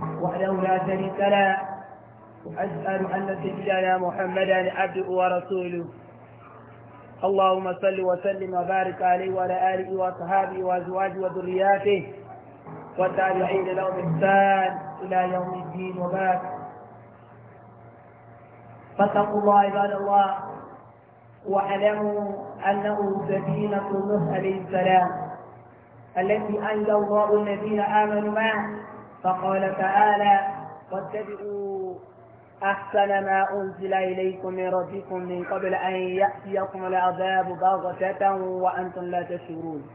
وحده لا شريك له وأشهد أن سيدنا محمدا عبده ورسوله اللهم صل وسلم وبارك عليه وعلى آله وأصحابه وأزواجه وذرياته والتابعين لهم إحسان إلى يوم الدين وبعد فاتقوا الله عباد الله واعلموا أنه سفينة نوح عليه السلام التي أنزل الله الذين آمنوا معه فقال تعالى واتبعوا أحسن ما أنزل إليكم من ربكم من قبل أن يأتيكم العذاب بغتة وأنتم لا تشعرون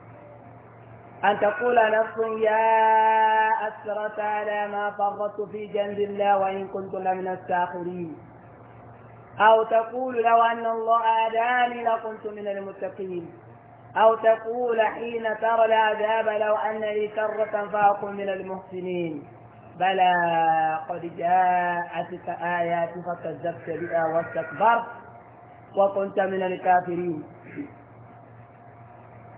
أن تقول نفس يا أسرة على ما فرطت في جنب الله وإن كنت لمن الساخرين أو تقول لو أن الله أداني لكنت من المتقين أو تقول حين ترى العذاب لو أن لي كرة فأكون من المحسنين بلى قد جاءتك آيات فكذبت بها واستكبرت وكنت من الكافرين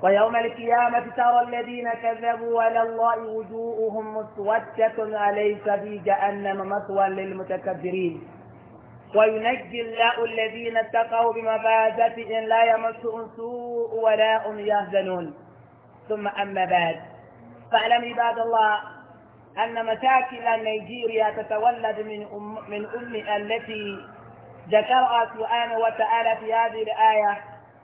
ويوم القيامة ترى الذين كذبوا على الله وجوههم مسودة أليس في جهنم مثوى للمتكبرين وينجي الله الذين اتقوا بمفازتهم لا يمسهم سوء ولا هم يهزنون ثم أما بعد فاعلم عباد الله أن مشاكل نيجيريا تتولد من أم من أمها التي ذكرها سبحانه وتعالى في هذه الآية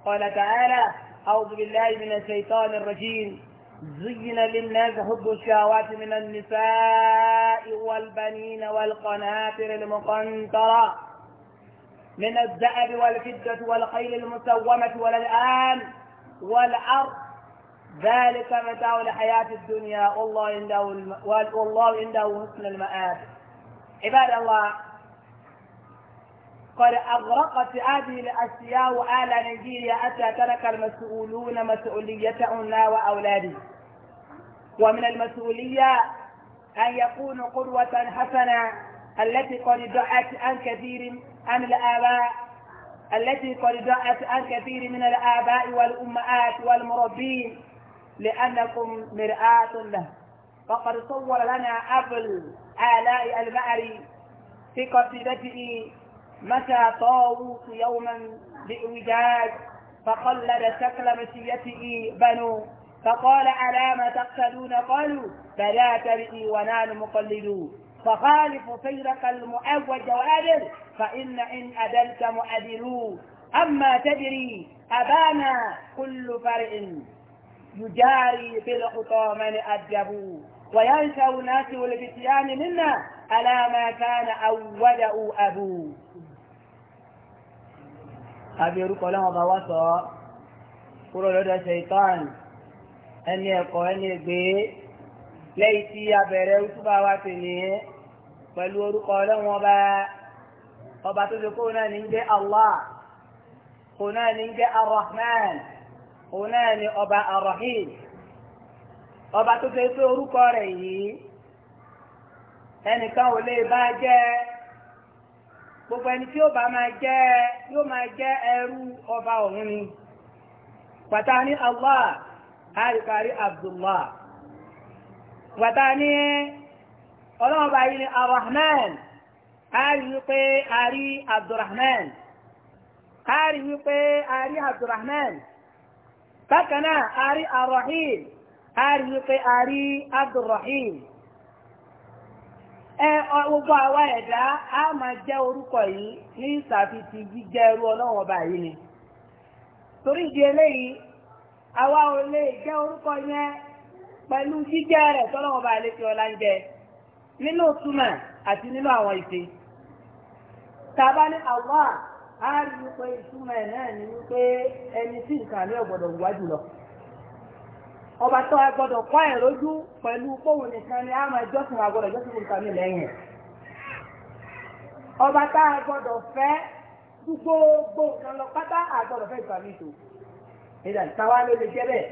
قال تعالى أعوذ بالله من الشيطان الرجيم زين للناس حب الشهوات من النساء والبنين والقناطر المقنطرة من الذهب والفدة والخيل المسومة والآن والأرض ذلك متاع الحياة الدنيا والله عنده والله عنده حسن المآب عباد الله قد أغرقت هذه الأشياء آل نيجيريا حتى ترك المسؤولون أنا وأولادي ومن المسؤولية أن يكونوا قدوة حسنة التي قد دعت عن كثير عن الآباء التي قد دعت عن كثير من الآباء والأمهات والمربين لأنكم مرآة له فقد صور لنا أبل آلاء البعري في قصيدته متى طاووس يوما بإوجاج فقلد شكل مشيته بنو فقال على ما تقتلون قالوا فلا تبئي ونال مقلدون فخالف سيرك المؤوج وأدل فإن إن أدلت مؤدلوه أما تدري أبانا كل فرع يجاري في الخطى من أدبوا وينشأ الناس والفتيان منا ألا ما كان أول orúkọ ọlọ́wọ́n bá wá sọ kúrò lọ́dọ̀ ṣèitán ẹni ẹ̀kọ́ ẹni ẹgbẹ́ lẹ́yìn tí a bẹ̀rẹ̀ òtúbà wa so kuro lodo seitan eni ليتي eni egbe pẹ̀lú orúkọ ọlọ́run ọba ọba tó ṣe kó náà ní jẹ́ Allah kó náà ní jẹ́ kó náà ní ọba ar ọba tó ṣe pé orúkọ rẹ̀ yìí ẹnìkan ò lè bá jẹ́ gbogbo ẹni tí ó bá máa jẹ́ yóò máa jẹ́ ọba òun ni Allah àríkàrí Abdullah pàtà ní ọlọ́run bá yìí ni arahman a rí wípé a rí abdurrahman a rí wípé a rí abdulrahman a rí arahim a rí wípé a rí abdulrahim ẹ gbogbo ẹ̀dá a ma jẹ́ orúkọ yìí ní ìsàfitì jíjẹ́ ẹrú yìí ni torí ìdí eléyìí àwa ò nínú túmọ̀ àti nínú àwọn ìpè tàbá ní Allah a rí wípé ìtumọ̀ náà ni wípé ẹni tí nǹkan àmì ọ̀gbọ̀dọ̀ wá jùlọ ọba tó a gbọ́dọ̀ kọ́ ẹ̀rọ́jú pẹ̀lú nìkan ni a máa jọ́sìn jọ́sìn nǹkan lẹ́yìn ọba tá a gbọ́dọ̀ gbogbo nǹkan lọ pátá fẹ́ ìdá ló lè jẹ́ bẹ́ẹ̀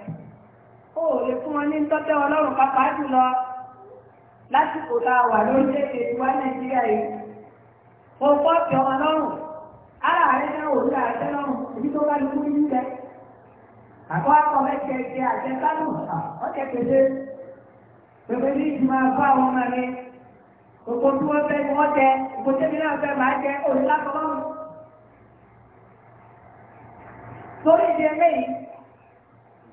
ó lè fún wọn ní tọ́tẹ́ ọlọ́run pàápàá jùlọ lásìkò tá a wà lórílẹ̀-èdè wa nàìjíríà yìí mo fọ́ ara gbogbo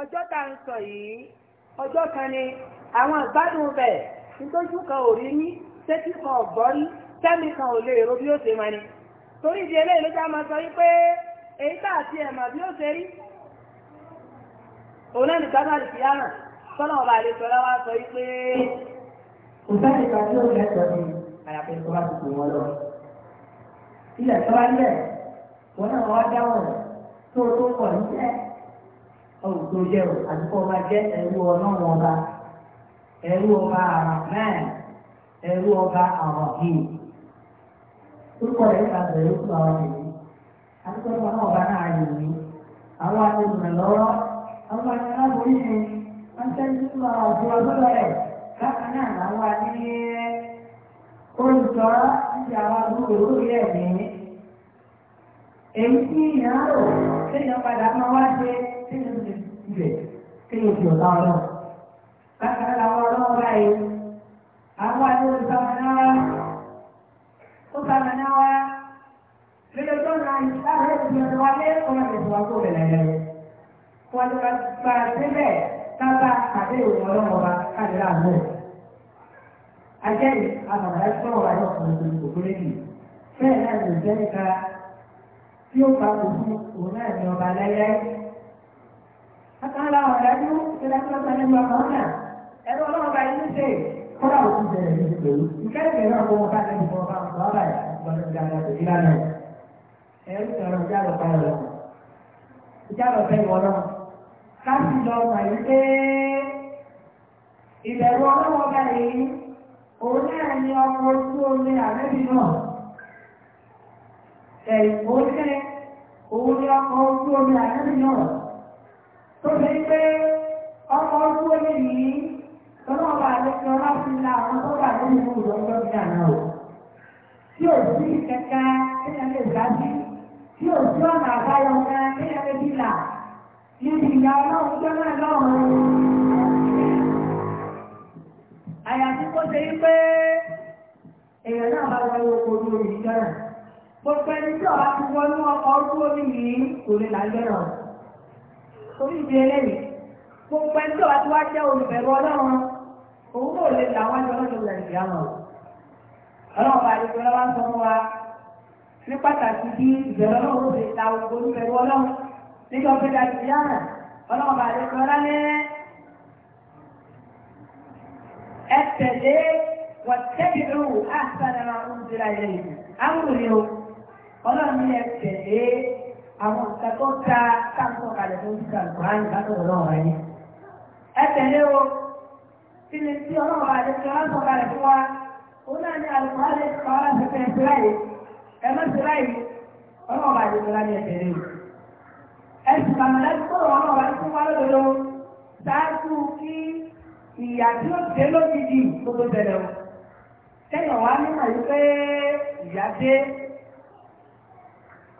ọjọ́ tá ń sọ yìí ọjọ́ kan ni àwọn ìgbádùn bẹ̀ kan ò rí ní kan ò kan ò lè èrò bí ó ṣe máa ni sọ wípé èyí tá àti ẹ̀mà bí ó ṣe rí òun náà nìkan náà fi yára sọ́nà ọba sọ wípé. pe. sẹ́ni kan ni àyàfi lọ. ilẹ̀ wọn náà wá dáwọ̀ tó tó ọ̀hún tó jẹ́ o àti ọba jẹ́ ẹ̀rú ọba ẹ̀rú ọba àràmẹ́ẹ̀ ẹ̀rú ọba àwàhìn orúkọ rẹ̀ nípa bẹ̀rẹ̀ fún àwọn ènìyàn àti ọba náà ọba náà yìí àwọn àtẹnudẹ lọ́wọ́ àwọn àti ni wọ́n àwọn náà làwọn àti olùtọ́ àwọn lórí ẹ̀mí èyí tí rò padà máa wá ṣe síbẹ̀ kéèyàn fi ọ̀la ọlọ́run. Bákan náà àwọn ọlọ́run báyìí, àwọn àdéhùn sàmìnáwá, ó sàmìnáwá, lórí ọjọ́ náà láàárọ̀ ìgbìmọ̀ ìwà lẹ́kọ̀ọ́ ẹ̀sùn wa tó bẹ̀rẹ̀ lẹ́yìn. Wọ́n ti gba síbẹ̀ tábà àdéhùn ọlọ́run ọba káàdé àmọ́. Ajẹ́rìí àbàbà ẹ̀sọ́ wa yóò fún mi kò kéré Bẹ́ẹ̀ náà lè jẹ́ nípa tí ó pa òfin òun náà ní ọba lẹ́yẹ́. Akọ́nà làwọn ọ̀dájú ìdájọ́ nípa kọ́nà. Ẹ̀rọ ọlọ́run bá yín ṣe. Kọ́nà òkú bẹ̀rẹ̀ ní ìlú. Ìkẹ́rẹ̀kẹ́ náà kó wọn bá tẹ̀lé fún ọba àwọn ọba ẹ̀ lọ́dún ìdájọ́ tó kílá náà. Ẹ̀rọ ìṣòro ìjà lọ bá lọ. Ìjà lọ bẹ́ ìwọ náà. Káàsì lọ mà yín pé ìbẹ̀rù ọlọ́run ọba yìí òun náà ni ọmọ ojú omi àrẹ́bí náà. Ẹ̀ òun ní ọmọ ojú omi àrẹ́bí náà tó fi pé ọmọ ọdún òní ní tọ́lọ́wọ́ àlejò láti la àwọn tó wà lórí ìlú lọ́jọ́ bí àná o. Tí ò sí kẹ̀kẹ́ kéèyàn lè gbájú, tí ò sí ọ̀nà àbáyọ kan kéèyàn lè bí là. Níbi ìyá ọlọ́run tó náà lọ́rùn. Àyàfi kó ṣe yí pé èèyàn náà bá wọlé oko ojú omi ìjọ náà. Gbogbo ẹni tí ọ̀rá ti wọnú ọkọ̀ ojú omi yìí kò lè lágbẹ́rọ̀ torí ibi ẹlẹ́yìn gbogbo ẹni tó wá ti wá jẹ́ olùbẹ̀rù ọlọ́run òun náà lè là wájú ọlọ́run nàìjíríà mọ̀ ọlọ́run bá yẹ kí wọ́n sọ fún wa ní pàtàkì bí ìbẹ̀rù ọlọ́run lè ta olùbẹ̀rù ọlọ́run nígbà pé nàìjíríà ọlọ́run bá yẹ kí wọ́n lálẹ́ ẹ tẹ̀lé wọ̀tẹ́bìrù àṣà náà ń dira ẹ̀yìn àwọn òyìnbó ọlọ́run ní ẹ tẹ̀lé àwọn nǹkan tó ta káàkiri kalẹ̀ fún títà lùkùránì látọ̀dọ̀ náà wà ní. ẹ tẹ̀lé o kí ni tí ọlọ́run àti ìṣọ́lá sọ kalẹ̀ fún wa òun náà ní alùpùránì kọ́lá fẹ́fẹ́ ìṣúra yìí ẹ má ṣe láyìí ọlọ́run àti ìṣọ́lá ní ẹ̀tẹ̀ rẹ̀ ẹ sì bàmà láti kó ọlọ́run àti fún wa lọ́dọ̀dọ̀ ṣáájú kí ìyà tí ó dé lójijì gbogbo tẹ̀lé o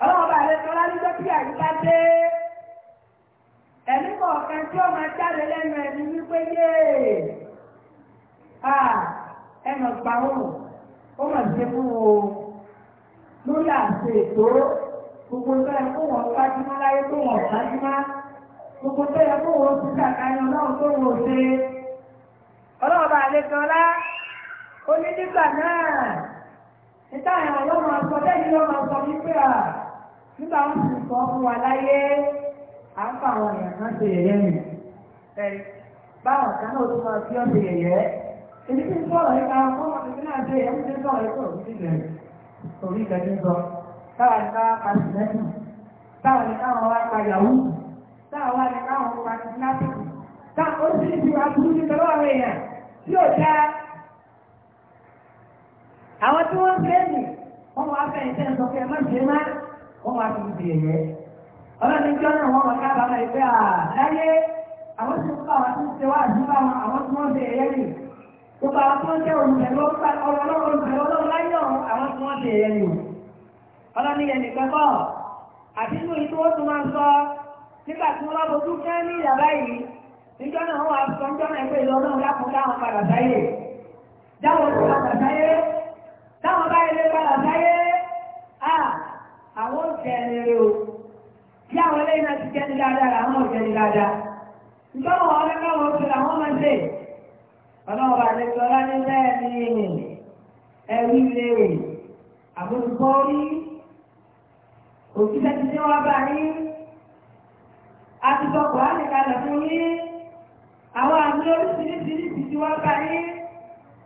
ọlọ́wọ́ bá rẹ tọ́lá níjọ́ pé àyíká dé ẹ̀mí kọ̀ọ̀kan tí ọmọ jáde lẹ́nu ẹni wípé yéè à ẹnà gbà òun ó mọ̀ sí o lórí àṣẹ ètò gbogbo tó yẹ kó wọn láyé tó wọn gbogbo tó yẹ kó wọn sí tó wọn ṣe ó ní nígbà náà àwọn nígbà wọn sì kọ́ fún wa láyé à àwọn èèyàn ṣe báwọn kan náà máa fi ṣe ń ń sọ ní káwọn wá pa wá ní káwọn pa ó sì ti wá ní pẹ̀lú àwọn èèyàn tí ò àwọn tí wọ́n ń gbé wọ́n wá fẹ́ ìtẹ́ wọ́n wá sí ibi ẹ̀yẹ. ọlọ́ni jọ́ náà wọ́n wọ́n kábàámà ìgbé à láyé àwọn tí wọ́n bá wà tó ṣe wá àdúrà wọn àwọn tí wọ́n ṣe ẹ̀yẹ nì. gbogbo àwọn tó ń jẹ́ olùbẹ̀lú olùbẹ̀lú ọlọ́run láyé ọ̀hún àwọn tí wọ́n ṣe ẹ̀yẹ nì. ọlọ́ni yẹn nìkan kọ́ àti inú ìtú ó tún máa sọ nígbà tí wọ́n bá bojú fẹ́ àwọn òjẹ̀nìrè o tí àwọn eléyìí náà ti jẹ́ni dáadáa làwọn òjẹ̀ni dáadáa nítorí wọn ọdún káwọn oṣù làwọn máa ń ṣe ọlọ́wọ́ àlejò ọlá ní bẹ́ẹ̀ ni ẹ̀rí lè àbójútó rí òṣìṣẹ́ ti dé wá bá yín àtijọ́ kò á lè kalẹ̀ fún yín àwọn àmì oríṣiríṣiríṣi ti wá bá yín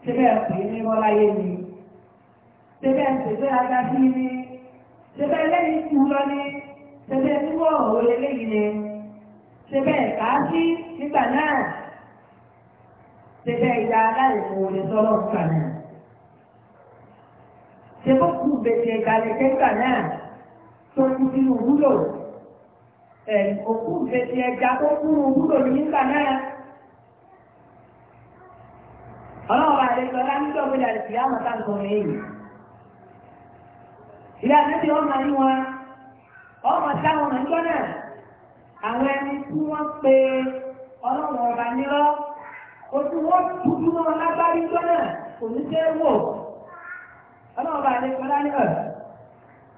ṣe bẹ́ẹ̀ pè é ní ọláyé ni ṣe bẹ́ẹ̀ ṣe bẹ́ẹ̀ sí ni ṣẹbẹ́ lẹ́yìn kú lọ ní ṣẹbẹ́ túbọ̀ òun eléyìí ni ṣẹbẹ́ ẹ̀ka sí nígbà náà ṣẹbẹ́ ìyá aláìmọ̀ òun ni sọ́lọ́ nígbà náà ṣẹbọ́ kú bèèrè ìgbàlẹ̀ nígbà náà tó kú sínú wúlò òkú bèèrè ẹja tó kú wúlò nígbà náà ọlọ́run àlejò ọlá nígbà wọlé àlejò yá mọ̀tá nǹkan mẹ́yìn ilé àtẹ́tì ọmọ yìí wọn ọmọ táwọn ọmọ níjọ́ náà àwọn ẹni tí wọ́n pe ọlọ́run ọba nílọ́ ojú wọn dúdú wọn lágbárí níjọ́ náà kò ní ṣe é wò ọlọ́run ọba àti ìpínlẹ̀ ní ọ̀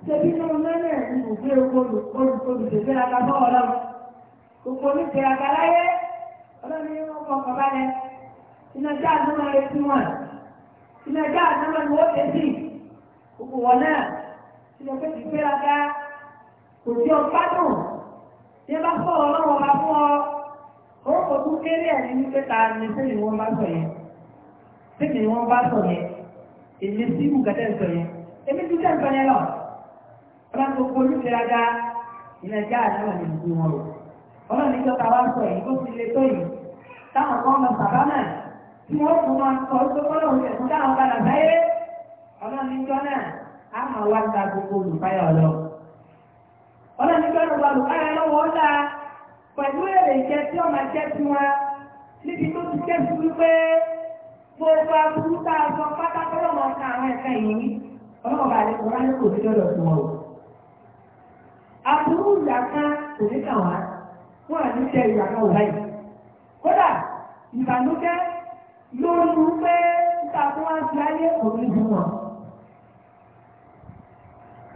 ṣebí ní ọmọ náà ní ìgbé olùdèjé agbábọ́ ọlọ́run gbogbo oníṣe àgbáláyé ọlọ́run ní wọn kọ́ ọ̀kọ́ balẹ̀ ni wọ́n tẹ̀ sí gbogbo wọn náà tí mo fẹ́ ti gbé ọgá kò sí ọgbà dùn tí ẹ bá fọ ọlọ́wọ́ bá fún ọ ó kò tún kéré ẹ̀ nínú pé ta ni ṣé ni wọ́n bá sọ yẹn ṣé ni wọ́n bá sọ yẹn èmi sí ìbùkẹ́tẹ̀ sọ yẹn èmi tún tẹ̀ sọ yẹn lọ ọlọ́run gbogbo olùṣe ọgá ilẹ̀ ẹja àdúrà ní ìlú wọn o ọlọ́run ní ìjọba wa sọ yìí tó ti le tó yìí táwọn kan lọ bàbá náà tí wọ́n fún wọn kọ́ tó kọ́ lóun ṣẹ̀kú táwọn padà á máa wá ta gbogbo olùkáyà ọlọ. ọlọ́run ní gbọ́dọ̀ gba olùkáyà lọ́wọ́ ọ̀la pẹ̀lú èrè jẹ tí ọmọ jẹ tí wọn níbi tó ti jẹ́ gbogbo aburú tá a sọ ká àwọn ẹ̀ka bá lè kọ́ra sí fún ọ. aburú ìyá kan kò ní wá wọn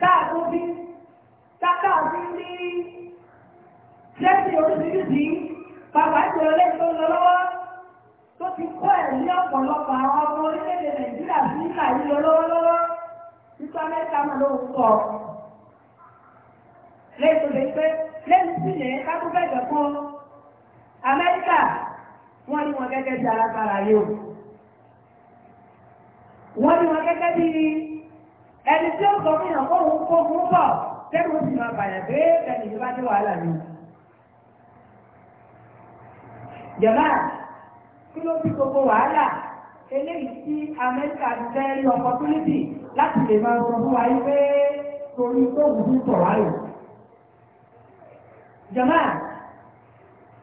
káàkó bí káàkó bí lẹ́sìn oríṣiríṣi bàbá ìṣòro lẹ́yìn tó lọ lọ́wọ́ tó ti kọ́ ẹ̀ ní ọ̀pọ̀lọpọ̀ àwọn ọmọ orílẹ̀-èdè nàìjíríà sí ìlà yìí lọ lọ́wọ́lọ́wọ́ nípa mẹ́ta mọ̀ ló ń kọ́ pé lẹ́yìn sí yẹn kákó bẹ́ẹ̀ fún amẹ́ríkà wọ́n ní wọn gẹ́gẹ́ bí alágbára yìí o wọ́n ní wọn gẹ́gẹ́ bí ẹni tí ó sọ fún yàn kóhun kó fún bọ̀ tẹ́lú ó sì máa bàyàn pé ẹni tó bá ní wàhálà ni. jọba kí ló fi gbogbo wàhálà eléyìí tí amẹ́ríkà ń fẹ́ rí opportunity láti lè máa sọ fún wa yí pé torí kóhun tó sọ̀ wá rè. jọba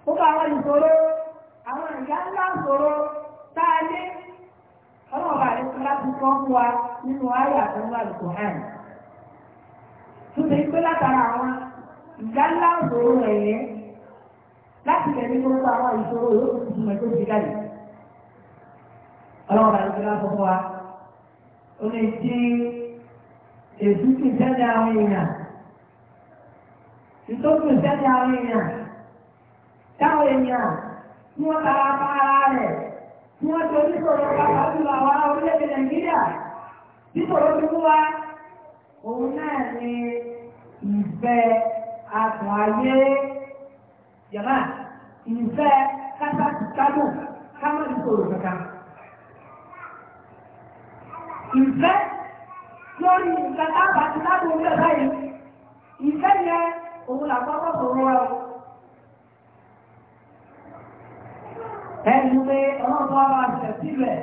ó bá wọn ìṣòro àwọn ìyá ńlá ìṣòro tá a lé ọlọ́ọ̀bà rẹ̀ ti láti sọ fún wa nínú ayé àtúnwá àlùkò hàn. Túnde pé látara àwọn ìyá òṣòro ẹ̀yẹ láti tẹ̀lé gbogbo àwọn ìṣòro yòókù tuntun tó fi jáde. àwọn èèyàn. Táwọn èèyàn tí wọ́n tara pa ara rẹ̀ tí wọ́n torí sọ̀rọ̀ pàápàá jùlọ àwọn orílẹ̀-èdè Nàìjíríà. Nípa olúwa, òun náà ni ìfẹ́ àtọ̀ ayé yàrá, ìfẹ́ kátàkùkádù, kámọ́lù kòrò kankan. Ìfẹ́ lórí nǹkan tábà ti lábò orí ọ̀dá yìí, ìfẹ́ yẹn òun làkọ́kọ́ sọ̀rọ̀ wa o. Ẹni pé ọlọ́pàá wa ṣẹ̀ sílẹ̀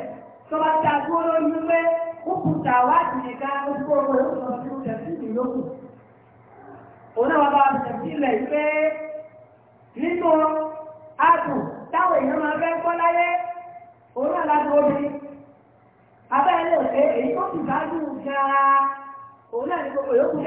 tó bá ti àgbó lórí ó kù tàwádìí nìkan ó kó owó ó sọ sí tẹ̀síìlì lókù òun náà bá onye pé nínú ààbò táwọn èèyàn máa fẹ́ gbọ́ onye òun náà láti obìnrin abẹ́rẹ́ òṣèré èyí tó sì bá dùn gan-an òun náà ní gbogbo yòókù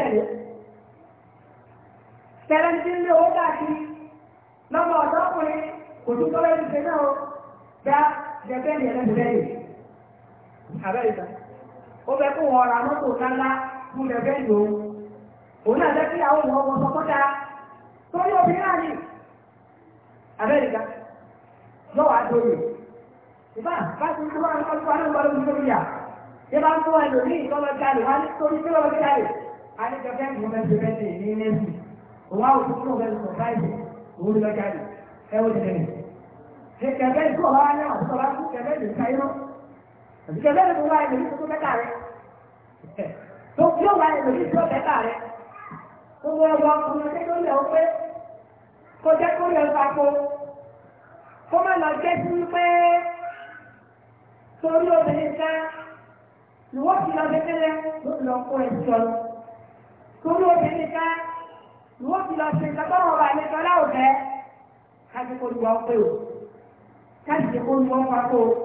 ó fẹ́ kó wọn ra mọ́tò ńláńlá fún ẹgbẹ́ ìlú òun náà jẹ́ kí àwọn ọmọ ọmọ sọ kọ́ta torí obìnrin náà ní Amẹ́ríkà lọ́wọ́ àdóyè ìbá bá ti kúrò àwọn ọmọ ọmọ ọmọ ọmọ ọmọ yà bá ń kó ẹlò ní ìtọ́lọ jáde wá ní torí pé ọmọ jáde alẹ́jọ fẹ́ mú mẹ́sẹ̀ mẹ́sẹ̀ ní nẹ́sì òun àwọn òkú náà mẹ́sẹ̀ sọ̀táìsì òun lọ jáde ẹ ti rẹ̀ ní àtúntọ̀ bá kú àbíkẹ́ bẹ́ẹ̀ ló wá ẹ̀mí tó bẹ́ẹ̀ kàrẹ́ tó kí ó wá ẹ̀mí tó bẹ́ẹ̀ kàrẹ́ gbogbo ọgbà ọkùnrin tó lórí ọ̀ pé kó jẹ́ kó yẹ papò kó má lọ jẹ́ sí pé torí obìnrin ká ìwọ́ ti lọ kékeré ló lọ kó ẹ̀ torí obìnrin ká ìwọ́ ti lọ ṣe ìtọ́gbọ́n ọba àlejò aláwọ̀ bẹ́ẹ̀ ká kó lu ọ pé o ká kó lu ọ papò o.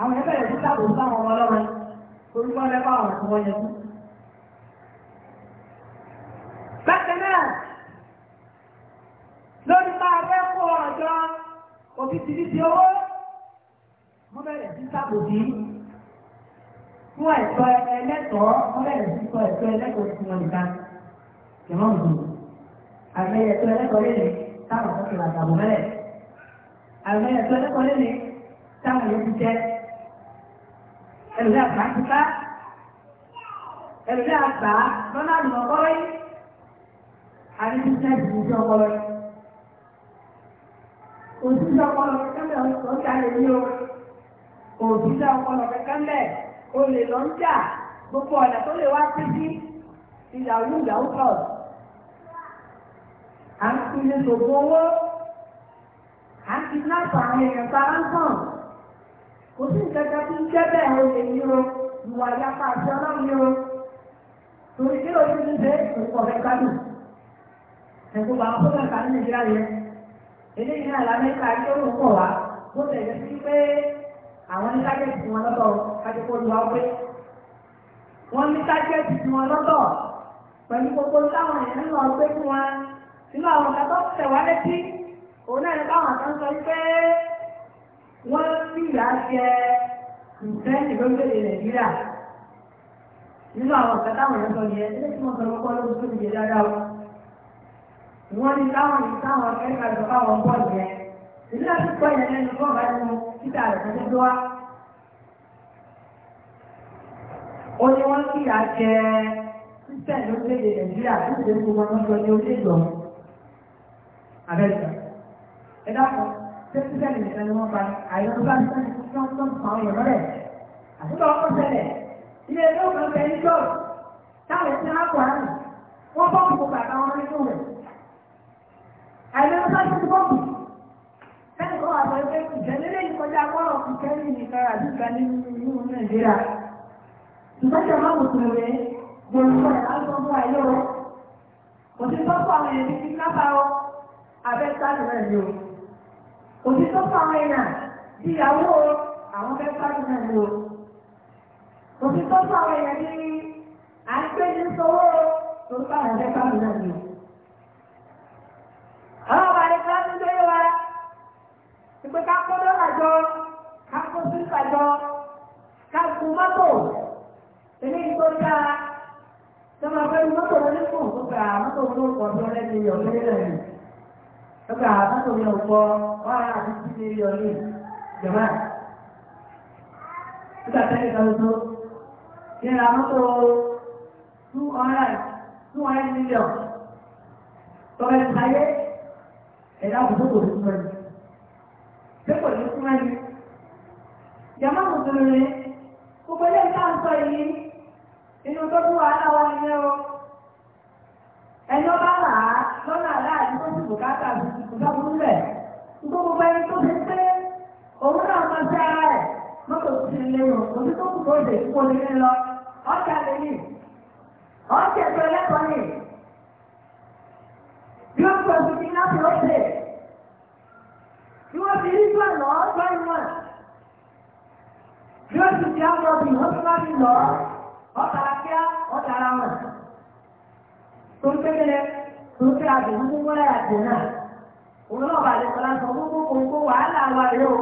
àwọn ẹgbẹ́ rẹ̀ ti dáàbò sáwọn ọmọ ọlọ́run torí wọ́n lẹ́fà àwọn tí wọ́n yẹn fún. bákan náà lórí máa fẹ́ kó ọjọ́ òbítíbitì owó wọ́n bẹ̀rẹ̀ sí sábò sí fún ẹ̀tọ́ ẹlẹ́tọ̀ọ́ wọ́n bẹ̀rẹ̀ sí sọ ẹ̀tọ́ ẹlẹ́tọ̀ọ́ sí wọn nìkan kìmọ̀ nù. àgbẹ̀ ẹ̀tọ́ ẹlẹ́tọ̀ọ́ lé ní táwọn ọ̀sán ti rà mẹ́rẹ̀ àgbẹ̀ ẹ̀tọ́ ẹlẹ́tọ̀ọ́ lé ní táwọn yóò ti jẹ́ ẹlòmí àgbà kíkà ẹlòmí àgbà lọ́nà àdùnnà ọpọlọ yìí àti bísíǹsì ní ìṣe ọpọlọ yìí òṣìṣẹ́ ọpọlọ kẹ́kẹ́ ọ̀sán ọ̀sán lè ní o òṣìṣẹ́ ọpọlọ kẹ́kẹ́ mẹ́ o lè lọ ń jà gbogbo ọ̀nà tó lè wá sí sí ìyàwó ìyàwó plus à ń pinnu gbogbo owó à ń pinnu àpò àwọn èèyàn pa ránṣọ́n kò sí ìkẹta tí ń jẹ́ bẹ́ẹ̀ olè yìí o ìwà ìyapa àti ọlọ́run yìí o torí kí ló ti ṣe nǹkan ọ̀rẹ́ kánò ẹ̀kọ́ bá wọn fún ẹ̀ka ní nàìjíríà yẹn eléyìí náà lamẹ́ka yóò mú pọ̀ wá bó tẹ̀lé sí pé àwọn ní tájẹ́tì wọn lọ́tọ̀ kájọpọ̀ olúwa pé wọ́n ní tájẹ́tì wọn lọ́tọ̀ pẹ̀lú gbogbo táwọn èèyàn ń lọ gbé fún wa nínú àwọn kan tó létí òun náà ní káwọn kan sọ pé wọ́n fìyà jẹ kìrìsìtẹ́nì lórílẹ̀-èdè nàìjíríà nínú àwọn ọ̀sẹ̀ táwọn èèyàn sọ yẹn tí wọ́n sọ lọ́kọ́ ló tó ti jẹ dáadáa o wọ́n ní táwọn ní táwọn akẹ́kọ̀ọ́ ìjọba àwọn bọ́ọ̀lù yẹn ìlú àti pọ̀ yẹn lẹ́nu bọ́ọ̀lù àti mu títà rẹ̀ tó tó wá. ó ní wọ́n fìyà jẹ kìrìsìtẹ́nì lórílẹ̀-èdè nàìjíríà sẹ́kítẹ́lì nìkan ni wọ́n pa àyọ̀rọ̀ bá ti sẹ́ni tó ń tọ́jú àwọn èèyàn lọ́rẹ̀. àtúntò ọkọ̀ ṣẹlẹ̀ ilé ẹgbẹ́ òkan bẹ ní jọ́ọ̀ táwọn ẹ̀sìn àpò àrùn wọ́n bọ́ọ̀bù kò bàbá wọn nínú rẹ̀. àyọ̀rọ̀ bá ti ti bọ́ọ̀bù sẹ́ni kọ́ àbọ̀ ẹgbẹ́ ìjẹ́lélẹ́ yìí kọjá wọ́ọ̀rọ̀ kìkẹ́rì nìkan àti ìgbà nínú nàìjíríà. ìtọ́jú ọmọ mùsùlùmí gbòòrò òbí tó fún àwọn ẹ̀nà bí ìyàwó àwọn mẹ́fà ní náà lò òbí tó fún àwọn ẹ̀nà bí àìpéjú sọ́wọ́ tó fún àwọn mẹ́fà ní náà lò. àwọn ọba ní kíláàsì tó yé wa ìpè ká kó dọ́là jọ ká kó sísà jọ ká gun mọ́tò eléyìí tó dáa tó máa fẹ́ mọ́tò lọ́dún fún òkúta mọ́tò fún ọ̀dọ́ lẹ́nu ìyọ̀ lórí Lọ́gbà àbátòmí ọ̀pọ̀ wáyà àti títí ní ìjọba. Nígbà tẹ́lẹ̀ kan tó, ní ra mọ́tò two million. Tọ́lẹ̀ sáyé ẹ̀dá òkútókò tó túnmọ̀ ní. Pépò ní túnmọ̀ ní. Ìjọba kò tó lórí, gbogbo ilé ìta ń sọ yìí, inú tó tún wàhálà wà nínú ẹ̀rọ. Ẹni ọba làá lọ́nà aláàdúgbò sì bùkátà sí ìdáhùn lẹ̀ gbogbo ẹni tó ti pé òun náà máa ṣe ara rẹ̀ mọ́tò ti lérò òbí tó kù lóde kó lè lé lọ ọjà lè ní ọjà tó lẹ́kọ̀ọ́ ní yóò gbọ́ sí ní láti lóde yóò fi rí gbọ́n lọ́ gbọ́n ìmọ̀ yóò sì fi àwọn ọ̀bì wọ́n ti máa fi lọ́ ọ̀tà kíá ọ̀tà ara wọn tó ń kékeré tó ń fi àgbẹ̀ ń wọ́n láyà jẹ náà òun náà bàjẹ́ sọ láti ọdún kó kò kó wàhálà wa rèé o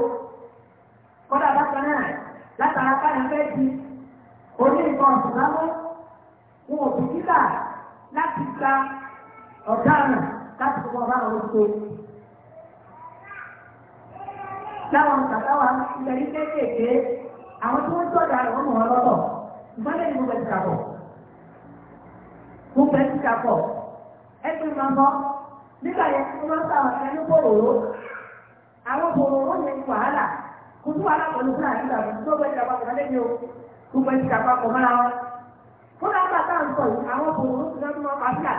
kódà bákan náà látara káyọ̀ fẹ́ di oní nǹkan ọ̀sùn lámọ́ wọn ò fi kíkà láti gba ọ̀daràn láti fọwọ́ ọba àwọn oṣù láwọn kàtàwà ilẹ̀ ní kéékèèké àwọn tí wọ́n tọ́jà rẹ̀ wọ́n mọ̀ ọ́ lọ́tọ̀ ìgbọ́lẹ̀ ni mo bẹ̀ ti kà mo bẹ̀ ti kà bọ̀ ẹgbẹ́ máa ń bọ́ nígbà yẹn wọ́n máa ń ta ẹni bòròró àwọn bòròró yẹn ní wàhálà kò sí wàhálà pẹ̀lú fún àyè ìgbà tó bẹ́ẹ̀ ti àpapọ̀ lálẹ́ o kò bẹ́ẹ̀ ti àpapọ̀ mọ́ra wọn. ó náà bá tá sọ yìí àwọn bòròró ti lọ́dún wọn pàṣẹ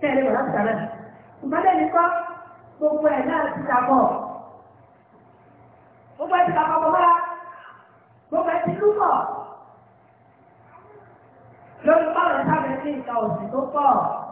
tẹ́lẹ̀ wọ́n láti sàrẹ̀. ìmọ̀lẹ́ mi kọ́ gbogbo ẹ̀ náà ti dàbọ̀ gbogbo ẹ̀ ti dàpapọ̀ mọ́ra gbogbo ẹ̀ ti lúkọ̀ lórí báwọn sábẹ̀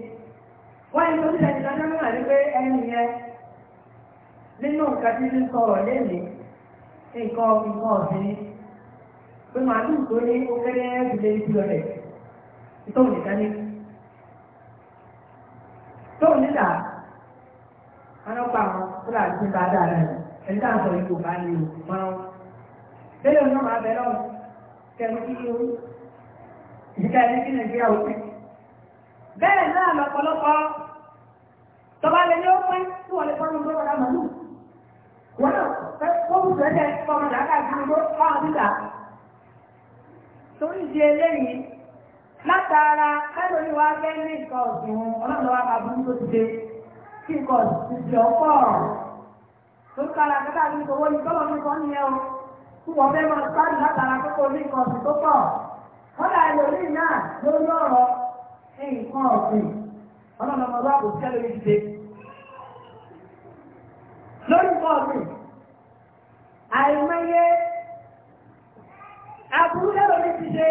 wọ́n yẹ tó ti tẹ̀sí lọ́jọ́ náà rí pé ẹni yẹn nínú nǹkan tí ń sọ̀rọ̀ léèlé nǹkan nǹkan ọ̀sìn pé màálù tó ní ó kéré ẹ̀dùnlé ibi rẹ̀ tó ní dání tó ní dà ọlọ́pàá wọn tó là ń ti ta dáadáa rẹ̀ ẹni tá à ń sọ ipò bá ní o máa ń lélẹ̀ náà máa bẹ̀rẹ̀ ọ̀hún kẹrin kí ó ìdíkà ẹni kí nàìjíríà ó bẹ́ẹ̀ náà lọ́pọ̀lọpọ̀ tọba lè ní ó pẹ́ tí wọ́n lè fọ́nù tó rọra màlúù wọ́n náà fẹ́ fóònù rẹ̀ fọmọ làákà ìdúró tó fáwọn títà tó ń di eléyìí látara kẹ́lò ní wá gẹ́ ní nǹkan ọ̀sìn ọlọ́dọ̀ wa bàbá tó ti dé kí nǹkan ọ̀sìn ti ọ̀pọ̀ tó kára kẹta ní owó ní ọlọ́run ọmọ bá àbòsí ẹlẹ́rì ṣe. lórí bọ́ọ̀lù àìmọye àbúrú lẹ́rọ̀lì ti ṣe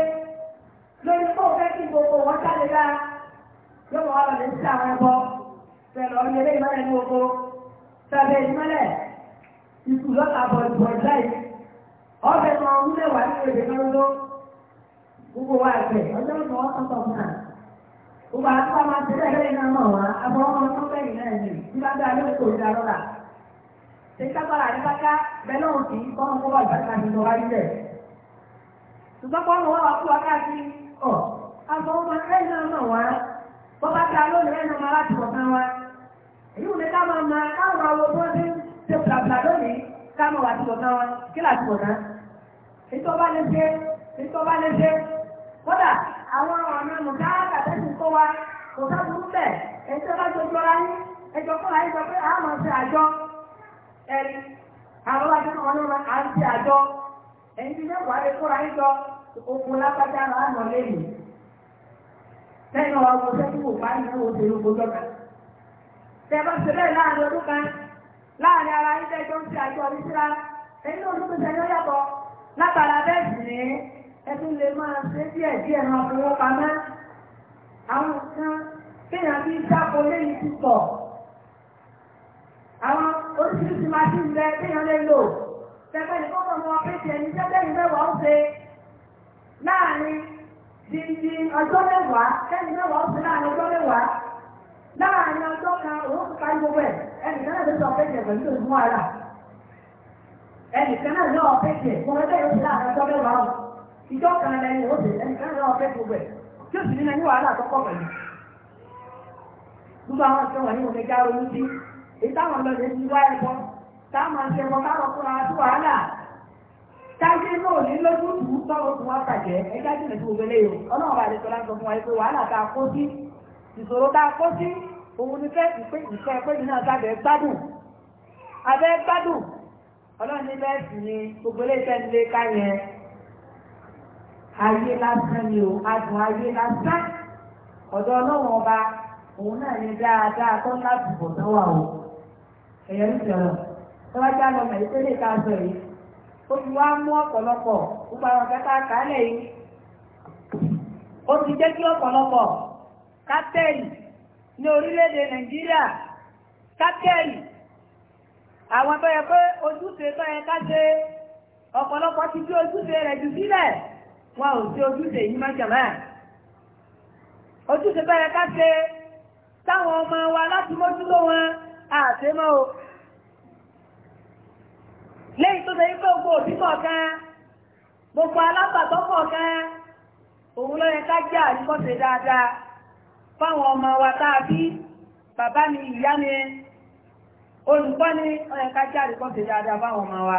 lórí fóun fẹ́ kí gbogbo wọn sáré lá yóò wọ́n lọ lè sí àwọn ẹbọ pẹ̀lú ọ̀rọ̀ ilé ìmọ̀lẹ̀ ní gbogbo sábẹ́ ìmọ̀lẹ̀ ikú lọ́ta bọ̀ ìbọ̀ ìlà yìí ọ̀bẹ̀ mọ̀ ọ̀hún mẹ́wàá ní ìrèlè lọ́dún gbogbo wa àgbẹ̀ ọjọ́ ìmọ̀ ọ̀sán tó ń hàn gbogbo àwọn tó bá máa ti rẹ̀ lẹ́yìn náà mọ̀ wá àbọ̀ ọmọ tó bẹ̀yìn náà yìí tí bá gbé alẹ́ kò dá lọ́la. ṣé sábàrà ní báká bẹ́ẹ̀ náà kì í kọ́ ọmọ wà ìbáṣà ní lọ́wọ́ ayé rẹ̀. ṣùgbọ́n kọ́ ọmọ wà fún wa káàkiri ọ̀ àbọ̀ ọmọ lẹ́yìn náà mọ̀ wá bọ́ bá ta lónìí lẹ́nu ọmọ aláti wọ̀ kan wa. èyí ò ní ká máa ma káwọn àwọn tó ń ṣe blabla lónìí ká àwọn ọ̀nà mùsàlákà tẹ́sí kó wa kò sábúrú bẹ̀ ẹjọ́ bá jọjọ ra yín ẹjọ́ fún àyín sọ pé a máa ṣe àjọ ẹni àwọn bá jẹ́ wọn lọ́wọ́ à ń ṣe àjọ ẹni tí mẹ́wàá lè kóra yín jọ ogun lápájá náà nọ lẹ́yìn lẹ́yìn ọ̀rọ̀ ọmọ sẹ́kù kò bá yín náà òṣèlú gbọdọ̀ kan tẹ bá ṣe bẹ́ẹ̀ láàrin ọdún kan láàrin ara yín tẹ́jọ́ ń ṣe àjọ ní síra ẹtún lè máa ṣe díẹ̀ díẹ̀ máa fowó àwọn kan kéèyàn fi dáko lẹ́yìn ti àwọn oríṣiríṣi máa ti ń bẹ kéèyàn lè lò tẹ̀gbẹ́ ní kókò mọ péjì ẹni tẹ́gbẹ́ ní mẹ́wàá ó ṣe láàrin dìndì ọjọ́ mẹ́wàá kẹ́ni mẹ́wàá ó ṣe láàrin ọjọ́ mẹ́wàá láàrin ọjọ́ kan òun ti parí gbogbo ẹ̀ ẹnì kan náà lè sọ péjì ẹ̀ pẹ̀lú òṣùwọ̀n ara ẹnì kan náà lọ́ọ̀ péjì ẹ̀ mo ìjọ kan lẹ́yìn ó sì ẹni kan lọ́wọ́ fẹ́ gbogbo ẹ̀ tí ó sì ní ẹni wàhálà tó kọ̀ pẹ̀lú. gbogbo àwọn ìṣẹ́ wọ̀nyí wọn sí èyí táwọn ọlọ́dẹ ti wá ṣe sí wàhálà táyé náà ní tọ́wọ́ bàjẹ́ gbogbo ọlọ́run bá sọ fún wa pé wàhálà tá a kó sí ìṣòro ayé lásán ni o adùn ayé lásán ọ̀dọ̀ ọlọ́wọ́n ọba òun náà ní dáadáa tó láti bọ̀ náwà o ẹ̀yẹ ń sọ̀rọ̀ tọ́wájá lọ mẹ̀ ìpínlẹ̀ ká sọ yìí ó ti wá mú ọ̀pọ̀lọpọ̀ gbogbo àwọn kẹta kálẹ̀ yìí ó ti jẹ́ kí ọ̀pọ̀lọpọ̀ kátẹ́ẹ̀lì ní orílẹ̀-èdè nàìjíríà kátẹ́ẹ̀lì àwọn tó yẹ pé ojúṣe tó yẹ ká ṣe ọ̀pọ̀lọpọ̀ ti bí ojúṣe rẹ̀ jù sílẹ̀. wọn ò sí ojúṣe yìí máa jàmá ojúṣe bẹ́ẹ̀ ká ṣe táwọn ọmọ wa láti mójútó wọn àtẹ́mọ́ o lẹ́yìn tó ṣe pé gbogbo òbí kọ̀ọ̀kan gbogbo alábàtọ́ kọ̀ọ̀kan òun ló yẹ ká jẹ́ àríkọ́ṣe dáadáa fáwọn ọmọ wa tá a bí bàbá mi ìyá mi jẹ́ dáadáa fáwọn ọmọ wa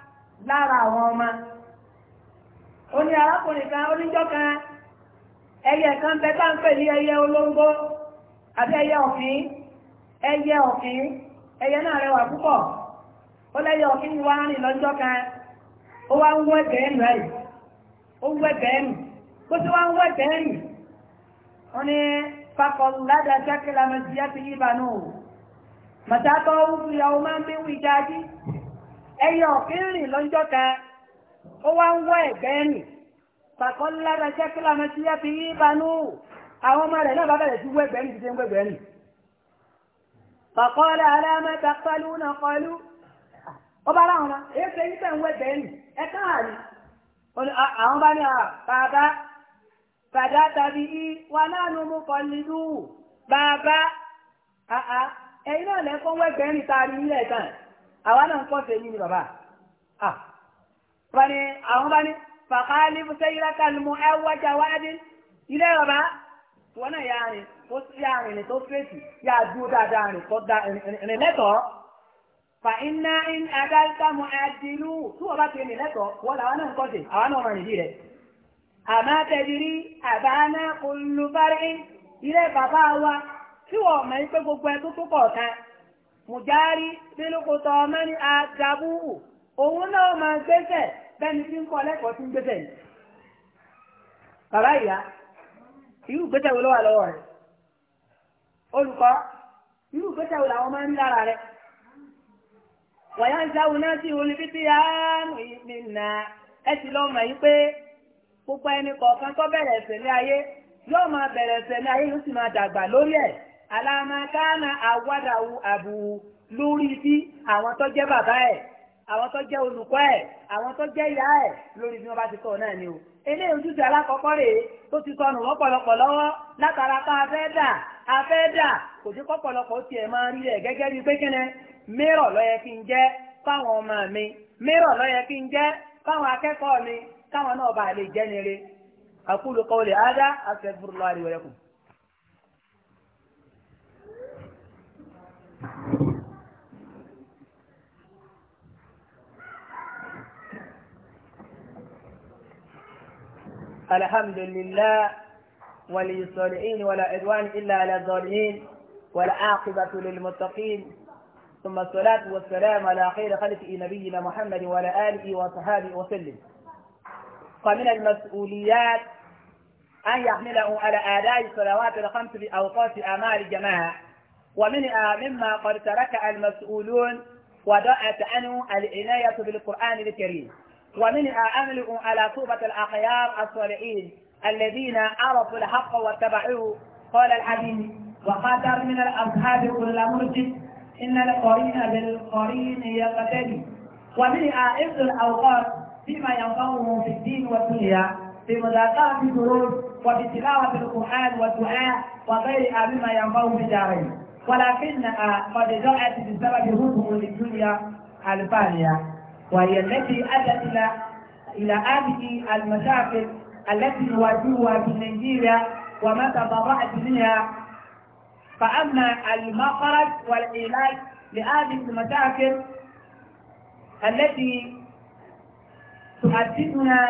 lára àwọn ọmọ o ní arákùnrin kan oníjọ́ kan ẹyẹ kan bẹ bá ń pè ní ẹyẹ olóńgbò àbí ẹyẹ ọ̀kín ẹyẹ ọ̀kín ẹyẹ náà rẹwà púpọ̀ ó lẹ́yẹ wá rìn lọ́jọ́ kan ó wá ń ẹ̀ ó wá ń ó ní ládàá ti yí ìbànú mọ̀tàkọ́ máa ẹyẹ ọ̀fin lọ́jọ́ kan ó wá ń wọ ẹ̀gbẹ́ rìn pàkọ́ lára jẹ́ kí lámọ́ tí yá fi yí banú àwọn ọmọ rẹ̀ náà bá bẹ̀rẹ̀ sí wọ ẹ̀gbẹ́ rìn ti ṣe ń wọ ẹ̀gbẹ́ rìn. pàkọ́ lára mẹ́ta pẹ́lú náà pẹ́lú ọba láwọn náà èyí ṣe yí tẹ̀ ń wọ ẹ̀gbẹ́ rìn ẹ káàárín àwọn bá ní bàbá bàbá tàbí i wà náà ló mú kọ́ nínú bàbá ẹ̀yin náà lẹ́kọ́ wọ ẹ̀gbẹ́ rìn ta àwa náà ń pọ̀ sí yín ni bàbá bani àwọn bani fàkàlì sẹ́yìnlá kàlùmọ́ ẹ wájà wáyé ilé bàbá wọn náà yà rìn tó yà rìn tó fèsì yà dúró dáadáa rìn tó da rìn lẹ́tọ̀ọ́ fa iná in adáríkà mọ ẹdínú tí wọn bá ti rìn lẹ́tọ̀ọ́ wọn làwọn náà ń kọ́ sí àwọn náà rìn bí rẹ. àmọ́ tẹ̀dírí àbáná olùbárí ilé bàbá wa tí wọ́n mọ̀ ẹ́ pé gbogbo ẹ tó tó kọ̀ọ̀kan mùjárí lílùkùtọ̀ mẹ́ni àdàbúrù òun náà máa gbẹ́sẹ̀ bẹ́ni tí ń kọ́ lẹ́kọ̀ọ́ tí ń gbẹ́sẹ̀ yìí. bàbá ìyá irú gbẹ́sẹ̀ wo ló wà lọ́wọ́ rẹ̀ olùkọ́ irú gbẹ́sẹ̀ wo làwọn máa ń lára rẹ̀ wọ̀nyá ń sáwù náà sí olùbítí àánú ìnà ẹ ti lọ́ mọ̀ yí pé gbogbo ẹni kọ̀ọ̀kan tó bẹ̀rẹ̀ ẹ̀sẹ̀ ní ayé yóò máa bẹ̀rẹ̀ ẹ̀sẹ̀ ní ayé yóò sì máa dàgbà lórí ẹ̀ alámakána awádàwù àbùwù lórí bí àwọn tó jẹ́ bàbá ẹ̀ àwọn tó jẹ́ olùkọ́ ẹ̀ àwọn tó jẹ́ ìyá ẹ̀ lórí bí wọ́n bá ti sọ náà ni o eléyìí ojúṣe alákọ̀ọ́kọ́ rèé tó ti sọnù lọ́pọ̀lọpọ̀ lọ́wọ́ látara pa afẹ́ dà afẹ́ dà kò sí kọ́pọ̀lọpọ̀ tiẹ̀ máa rí rẹ̀ gẹ́gẹ́ bíi pé kíni mérò lọ́yẹ kí n jẹ́ fáwọn ọmọ mi mérò lọ́yẹ kí n jẹ́ fáwọn akẹ́kọ̀ọ́ mi káwọn náà bá lè jẹ́ nire. àkúlù kọ́ọ̀lì ádá àfẹ́ fúrúlọ́ àríwẹ̀rẹ̀kùn. الحمد لله وللصالحين ولا عدوان إلا على الظالمين والعاقبة للمتقين ثم الصلاة والسلام على خير خلفه نبينا محمد وعلى آله وصحابه وسلم فمن المسؤوليات أن يحمله على آداء الصلوات الخمس بأوقات أعمال الجماعة ومن مما قد ترك المسؤولون ودعت عنه العناية بالقرآن الكريم ومنها أملك على توبة الأخيار الصالحين الذين عرفوا الحق واتبعوه قال الحبيب وقدر من الأصحاب كل مرجد إن القرين بالقرين يقتدي ومنها عز الأوقات فيما ينفعهم في الدين والدنيا في مذاكرة الدروس تلاوة القرآن والدعاء وغيرها مما ينفعهم في دارهم ولكنها قد جرأت بسبب هدوء للدنيا الفانية وهي التي أدت إلى إلى هذه المشاكل التي نواجهها في نيجيريا وما تضرعت منها فأما المخرج والعلاج لهذه المشاكل التي تؤسسنا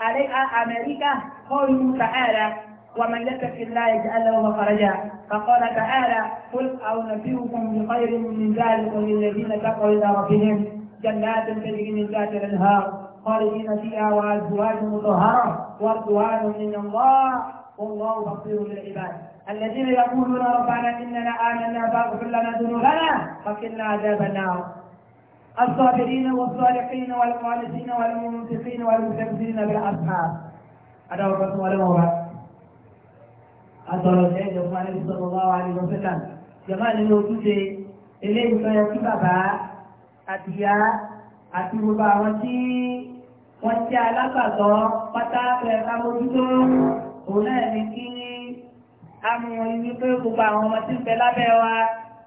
عليها أمريكا قوله تعالى ومن يتق الله يجعل له مخرجا فقال تعالى قل أو نبيكم بخير من ذلك للذين تقوا إلى ربهم جنات تجري من ذات الانهار خالدين فيها وازواج مطهره ورضوان من الله والله بصير للعباد الذين يقولون ربنا اننا امنا فاغفر لنا ذنوبنا وقنا عذاب النار الصابرين والصالحين والخالصين والمنفقين والمستكبرين بالاصحاب هذا هو الرسول والموعد àtọ̀rọ̀ ẹ̀jọ̀ fún alẹ́ sọ̀rọ̀ wá wa ní ọ̀sẹ̀ náà jẹ̀má àti ìyá àti gbogbo àwọn tí wọ́n jẹ́ alágbàtọ́ pátá pẹ̀lú ká mójútó òun náà ní kí amú ibi pé gbogbo àwọn ọmọ tí ń bẹ lábẹ́ wa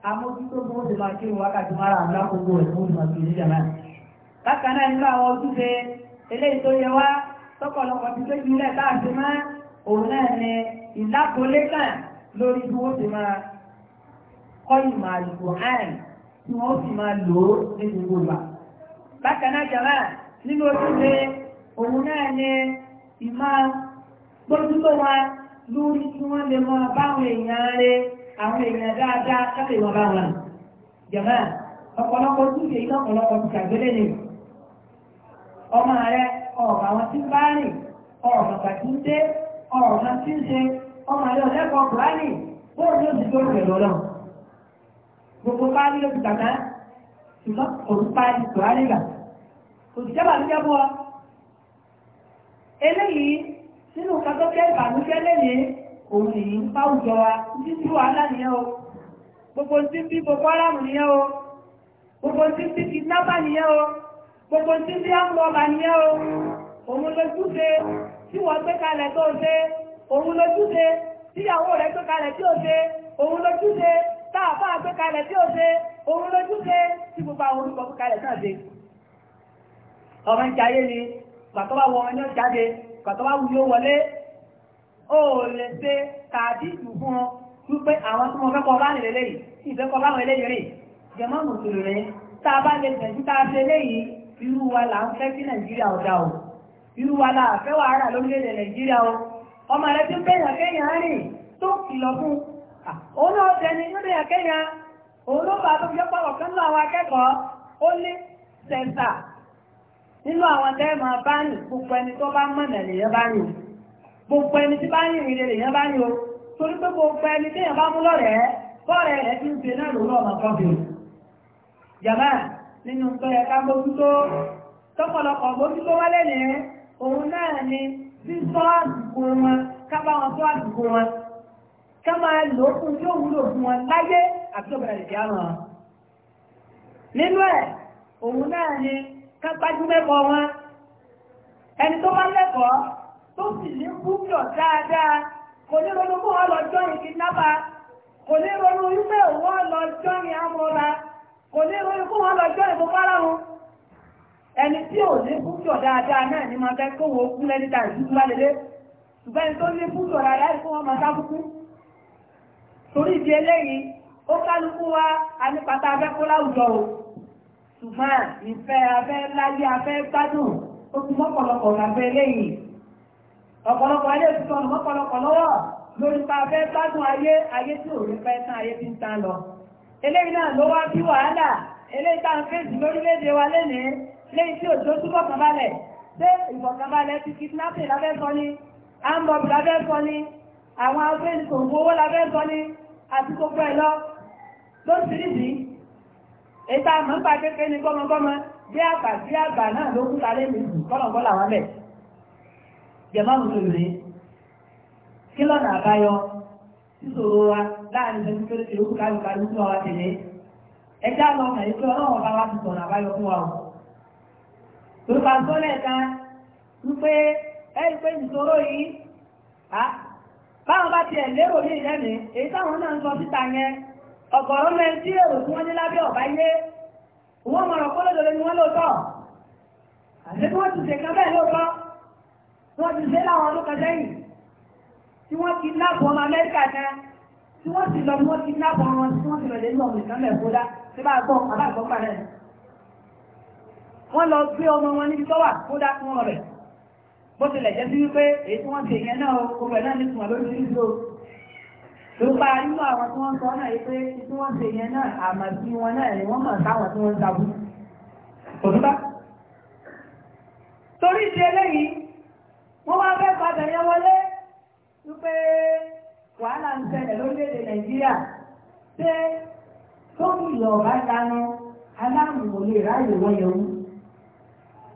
amójútó gbogbo ti máa kírun wákàtí mara àgbà gbogbo rẹ̀ fún ìmọ̀ sí ìjọba. bákan náà nínú àwọn ojúṣe eléyìí tó yẹ wá tọ́pọ̀lọpọ̀ ti tóbi rẹ̀ láàṣẹ mọ́ òun náà ní ìlápolé kan lórí bí wọ́n ti máa kọ́ ìmọ̀ àlùkò àìsàn tí wọ́n sì máa lò ó ní gbogbo ìgbà. Bákan náà jàmá nínú ni òun náà ni ìmọ̀ gbójútó wa lórí kí wọ́n lè mọ báwọn èèyàn rẹ àwọn èèyàn dáadáa káfí wọn bá wọn. Jàmá ọ̀pọ̀lọpọ̀ ojúṣe iná ọ̀pọ̀lọpọ̀ ti ṣàgbélé ni. Ọmọ rẹ ọ̀rọ̀ àwọn tí ń bá rìn ọ̀rọ̀ pàtí ń dé ọ̀rọ̀ náà ti ń ṣe ọmọ rẹ ọ̀lẹ́kọ̀ọ́ Kùránì bóòlù yóò ti gbóòlù rẹ̀ lọ́lọ́run gbogbo páálí ló ti gbàgbá ṣùgbọ́n òun páálí tó á nígbà kò sì jábà lójá bọ́ eléyìí nínú kátọ́kẹ́ ìbànújẹ́ lẹ́yìn òun nìyí ń bá òjò wa ní tí wàhálà nìyẹn o gbogbo tí tí gbogbo aláàmù nìyẹn o gbogbo tí tí kìdínápà nìyẹn o gbogbo tí tí ámúlọ́ba nìyẹn o òun lójúṣe tí wọ́n gbé kalẹ̀ tó ṣe òun lójúṣe tíyàwó rẹ̀ gbé kalẹ̀ tí ó ṣe òun lójúṣe táàfà gbé kalẹ̀ tí ó ṣe òun lójú ṣe tí gbogbo àwọn orúkọ gbé kalẹ̀ náà ṣe ọmọ ń jayé ni pàtó bá wọ ọmọ ní jáde pàtó bá wù yóò wọlé ó lè ṣe tàbí ìlú fún ọ wípé àwọn tí wọn fẹ́ kọ láàrin lélẹ́ yìí ìfẹ́ kọ láwọn eléyìí rè jẹmọ́ mùsùlùmí tá a bá lè tẹ̀sí tá a ṣe léyìí irú wa là ń fẹ́ sí nàìjíríà ọ̀dà o irú wa là fẹ́ wàhálà lórílẹ̀-èdè nàìjíríà o ọmọ rẹ ti ń bẹ̀yàn òun náà jẹ ní nínú ìyàkẹ́yà òun ló bá tó fi ọpá ọ̀kan nínú àwọn akẹ́kọ̀ọ́ ó lé sẹ́ńtà nínú àwọn tẹ́ẹ̀mà bá ní gbogbo ẹni tó bá mọ̀nà lèyàn bá yìí gbogbo ẹni tí bá yìí rèé lèyàn bá yìí o torí pé gbogbo ẹni téèyàn bá mú lọ́rẹ̀ẹ́ bọ́ọ̀rẹ́ rẹ̀ ti ni sísọ́ àsìkò wọn ká bá wọn ká máa lò ó fún yóò wúlò fún wọn láyé àti ọ̀bẹ̀rẹ̀ lè díá wọn. nínú ẹ̀ òun náà ni ká gbájú wọn ẹni tó bá lẹ́kọ̀ọ́ tó sì ní kúkúrọ̀ dáadáa kò ní ronú kó wọn lọ ìdí náà kò ní ronú wípé òun lọ jọ́ ní amọ́ra kò ní ronú kó wọn lọ jọ́ ìfowópamọ́ wọn ẹni tí ò ní fúkúrọ̀ dáadáa náà ni máa fẹ́ kó wọn kú lẹ́ni tàbí kú lálẹ́lẹ́ ṣùgbọ́n ẹni tó ní fúkúrọ̀ dáadáa kó wọn máa sá torí ìdí eléyìí ó kálukú wá anípatá abẹ́kọ́ láwùjọ o ṣùgbọ́n ìfẹ́ abẹ́ láyé abẹ́ gbádùn ó ti mọ́pọ̀lọpọ̀ lábẹ́ eléyìí ọ̀pọ̀lọpọ̀ ayé ti sọnù mọ́pọ̀lọpọ̀ lọ́wọ́ lórí pa abẹ́ gbádùn ayé ayé tí ò rí pẹ́ tán ayé ti ń tán lọ eléyìí náà ló wá bí wàhálà eléyìí tá à ń fèsì lórílẹ̀-èdè wa lénìí léyìí tí òjò túbọ̀ kan balẹ̀ ṣé ìfọ̀kànbalẹ̀ ti kidnapping lábẹ́ sọ ni ambob lábẹ́ sọ ni àwọn afẹ́sìkò owó lábẹ́ sọ ní àti gbogbo ẹ̀ lọ ló sì rí sí ètà àmọ́pàá kékeré ní gọ́mọgọ́mọ bí àgbà bí àgbà náà ló kúta lé mi sùn kọ́lọ̀kọ́ làwọn bẹ̀ jẹ̀mọ́ mùsùlùmí kí lọ́nà àbáyọ sísòro wa láàrin ẹni tó ti rúkú kálùkà ló fún wa tẹ̀lé ẹjá lọ mọ̀ èyí pé ọlọ́wọ́n bá wa ti sọ̀rọ̀ àbáyọ fún wa o tòlùkà báwọn bá tiẹ̀ lérò ní ìlẹ́mìí èyí táwọn náà ń sọ síta yẹn ọ̀gọ̀rọ̀ mẹ́rin tí èrò tí wọ́n ní lábẹ́ ọ̀bá yé wọ́n mọ̀rọ̀ ni wọ́n lóòótọ́ àti wọ́n ti ṣe kan bẹ́ẹ̀ lóòótọ́ wọ́n ti láwọn ọdún kan sẹ́yìn tí wọ́n ti ọmọ Amẹ́ríkà tí wọ́n ti lọ wọ́n ti ọmọ tí wọ́n ti bó tilẹ̀ jẹ́ sí wípé èyí tí wọ́n ti èèyàn náà gbogbo ẹ̀ náà ní ìtumọ̀ lórí ìlú ló bá nínú àwọn tí wọ́n sọ náà yìí pé tí wọ́n ṣe yẹn náà àmà sí wọn náà ni wọ́n mọ̀ sáwọn tí wọ́n ń tabú òtúbá torí ti eléyìí wọ́n wá fẹ́ padà yẹn wọlé wípé wàhálà ń ṣẹlẹ̀ lórílẹ̀-èdè nàìjíríà ṣé tóbi ìlọ̀ ọ̀bá dánú aláàmù kò ráyè wọ́n yẹn wú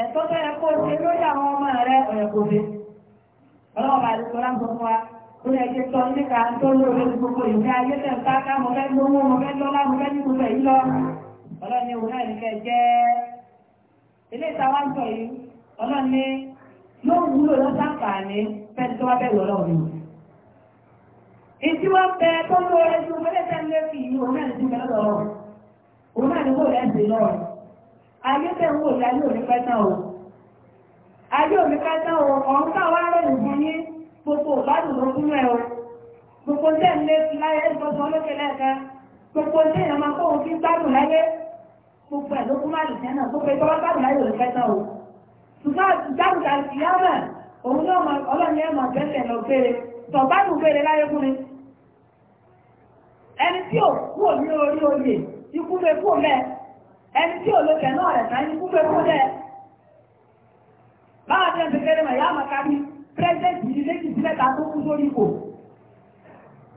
ẹ̀tọ́ tó yẹ kó ṣe lórí àwọn ọmọ rẹ ọ̀yẹ̀ kò dé ọlọ́wọ́ bá lè sọ́lá gbogbo wa nípa tó lóore gbogbo ìwé ayé tẹ̀ ń sáká mo fẹ́ lọ́lá mo ní gbogbo èyí lọ ọlọ́ni òun náà nìkẹ́ jẹ́ ilé ìtawà ń sọ yìí ọlọ́ni yóò wúlò lọ́sàǹfààní fẹ́ni tó wá bẹ̀rù ọlọ́run mi. ìdí wọn bẹ tó lóore ju mọ́lẹ́sẹ̀ ń lé fi ìlú òun náà ayébẹ̀ ń wò sí ayé òní pẹ́tàn o ayé òní pẹ́tàn o ọ̀run táwa rẹ̀yìn fún yín gbogbo ìbádùn ló kúnú ẹ o gbogbo tẹ́ ń lé sí láyé ìtọ́sọ lókè lẹ́ẹ̀kan gbogbo tẹ́ ìyẹn máa kóhun sí gbádùn láyé gbogbo ẹ̀ ló kún máàlì tẹ́ náà gbogbo ìtọ́wọ́ gbádùn láyé òní pẹ́tàn o ṣùgbọ́n gbádùn láyé ìyáwẹ̀ òun náà ọlọ́ni ẹ̀ máa ẹni tí olókè náà rẹ̀ sáyé kú pé kó dẹ̀ báwa jẹ́ kékeré mọ̀ yá màkà ní pírẹ́sẹ̀tì yìí léjì sílẹ̀ ká tó kú sórí ipò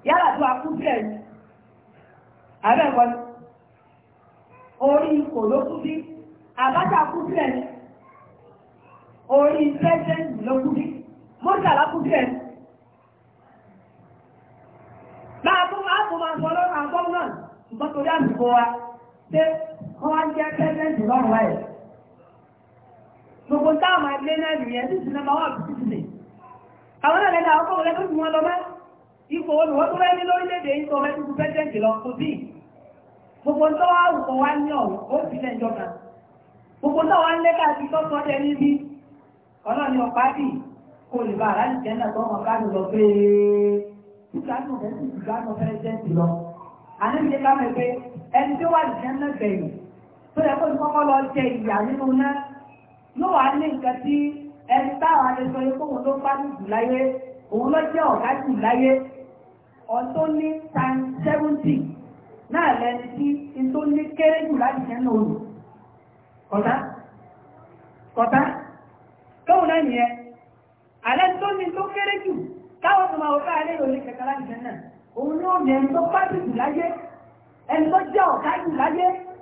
yálà tó a kú sílẹ̀ ni àbẹ̀ wọ́n orí ipò ló kú sí àbájá kú sílẹ̀ ni orí pírẹ́sẹ̀tì ló kú sí mọ́tàlá kú sílẹ̀ ni. Báa tó máa tó máa sọ lọ́rùn àgbọ̀n náà, ṣùgbọ́n torí àsìkò wa, ṣé wọ́n wá jẹ́ pẹ́sẹ́ntì lọ́rùn láyẹ̀. Gbogbo táwọn àgbé náà nìyẹn tí sinimá wà bí títì. Àwọn náà lẹ́nu àwọn kọ́wọ́lẹ́ tó fi wọn lọ mẹ́. Ipò olùwọ́ tó fẹ́ ní lórílẹ̀-èdè yìí tó fẹ́ tó fẹ́ pẹ́sẹ́ntì lọ kò sí. Gbogbo tó wá wù kọ́ wá ní ọ̀hún ó sì lẹ́ ìjọba. Gbogbo tó wá ń lé káàkiri tó sọ jẹ níbi. Ọlọ́run ni ọ̀pá bì kò lè bá àlàyé jẹ́ náà tó wọn káàdùn lọ pé ìgbàanù rẹ̀ sì ìgbàanù fẹ́ jẹ́ sí lọ. Àní mi ká mẹ́ pé ẹni tó wà ní jẹ́ náà bẹ̀rù tó yẹ kó kọ́kọ́ lọ jẹ ìyà nínú náà yóò wá ní nǹkan tí ẹni táwọn alẹ́sọ yẹ kóhun ló bá ní jù láyé òun ló jẹ́ ọ̀gá jù láyé ọ̀tọ́ ní tan seventy náà lẹni tí tó ní kéré jù láti jẹ́ náà olù kọ́tá kọ́tá tóun náà nìyẹn alẹ́ tó ní tó kéré jù táwọn tó máa wọ káà lérò ní kẹkẹ láti jẹ́ náà òun náà ní ẹni tó bá jù láyé ẹni tó jẹ́ ọ̀gá jù láyé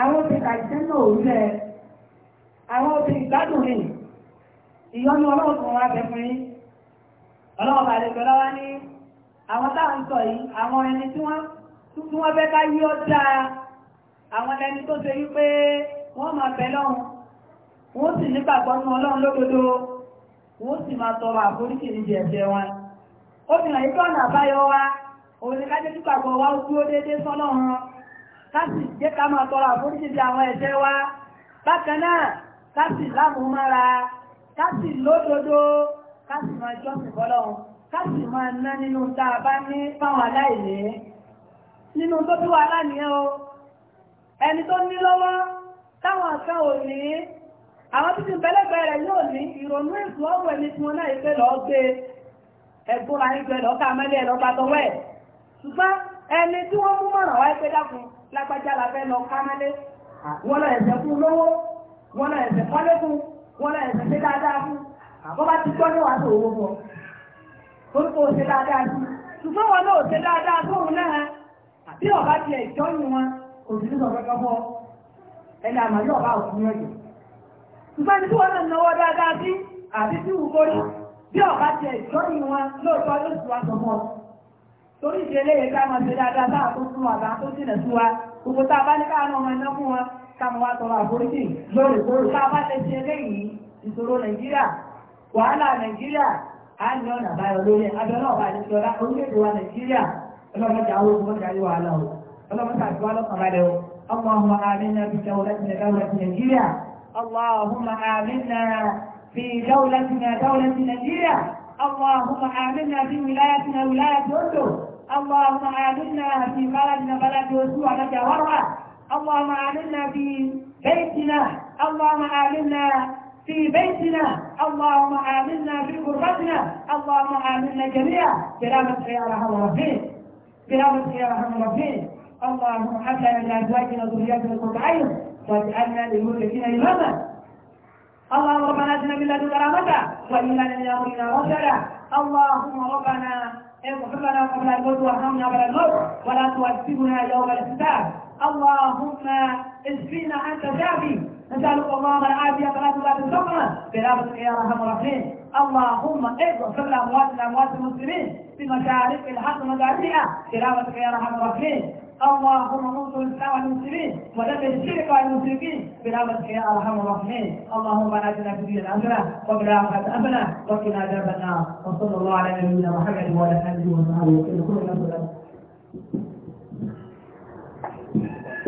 àwọn obìnrin àìsẹ́ náà ò àwọn obìnrin ìgbádùn rìn ìyọnu ọlọ́run kan wá bẹ fún ní àwọn táwọn sọ yìí àwọn ẹni tí wọ́n tí yí ọ́ dáa àwọn ẹni tó ṣe wípé wọ́n máa bẹ lọ́run wọ́n sì nígbàgbọ́ nínú ọlọ́run lódodo wọ́n sì máa tọrọ àforíkì wọn wa òun ni ká wa ó dúró sọ́lọ́run káàsì jẹ́ ká máa tọrọ àforíjì bí àwọn ẹ̀ṣẹ̀ wa bákan náà káàsì lámùmára káàsì lódodo káàsì máa jọ́sìn fọ́lọ́run káàsì máa ná nínú tá a ní fáwọn aláìní nínú tó o ẹni tó ní lọ́wọ́ táwọn kan ò ní àwọn títí pẹ̀lẹ́pẹ̀ rẹ̀ yóò ní ìrònú ètò ọ̀wọ̀ ẹni tí wọ́n náà ìgbẹ́ lọ́ọ́ gbé ẹ̀gbọ́n ra ìgbẹ́ lọ́ọ́ mẹ́lẹ́ lọ́ọ́ ṣùgbọ́n ẹni tí wọ́n mú mọ̀ràn wáyé pé dákun lágbájá la fẹ́ lọ kámẹ́lé wọ́n lọ ẹ̀sẹ̀ fún wọ́n lọ ẹ̀sẹ̀ kọ́lé fún wọ́n lọ ẹ̀sẹ̀ ṣe dáadáa fún ti gbọ́ ní wàásù owó bọ̀ orúkọ ṣe dáadáa sí ṣùgbọ́n wọn náà ṣe dáadáa fóun náà àbí ọ̀bá tiẹ̀ wọn ní sọ̀rọ̀ ẹni bá ṣùgbọ́n torí ìṣe eléyìí ká máa ṣe dáadáa bá àkóso àbá tó jìnà sí wa gbogbo tá a bá ní káwọn ọmọ iná fún wọn ká máa wá tọrọ àforíjì lóòrèkóòrè tá a bá lè ṣe eléyìí ìṣòro nàìjíríà wàhálà nàìjíríà á ní ọ̀nà àbáyọ lórí abẹ náà wà nípa ọlá orílẹ̀-èdè wa nàìjíríà ọlọ́mọdé àwọn olùmọ̀dé ayé wàhálà o ọlọ́mọdé àti wàhálà kan balẹ̀ o اللهم آمنا في دولتنا دولة نيجيريا اللهم آمنا في دولتنا دولة نيجيريا اللهم آمنا في ولايتنا ولاية أردو اللهم آمنا في بلدنا بلد يسوع لك ورعة اللهم آمنا في بيتنا اللهم آمنا في بيتنا اللهم آمنا في غربتنا اللهم آمنا جميعا برحمتك يا أرحم الراحمين برحمتك يا أرحم الراحمين اللهم حتى لأزواجنا وذرياتنا قرة عين واجعلنا للمتقين إماما اللهم ربنا اجنا من لدنك رحمة وإنا لم يكن رشدا اللهم ربنا اغفر لنا قبل الموت وارحمنا قبل الموت ولا تؤذبنا يوم الحساب اللهم اشفينا انت شافي نسألك اللهم العافية فلا تبات الزمرة برحمتك يا أرحم الراحمين اللهم اغفر لأموات الأموات المسلمين في مشارق الحق ومغاربها برحمتك يا أرحم الراحمين اللهم انصر الاسلام والمسلمين ودمر الشرك والمشركين برحمتك يا ارحم الراحمين اللهم اجنا في دين امنا وبلا امنا وقنا عذاب النار وصلى الله على نبينا محمد وعلى اله وصحبه وسلم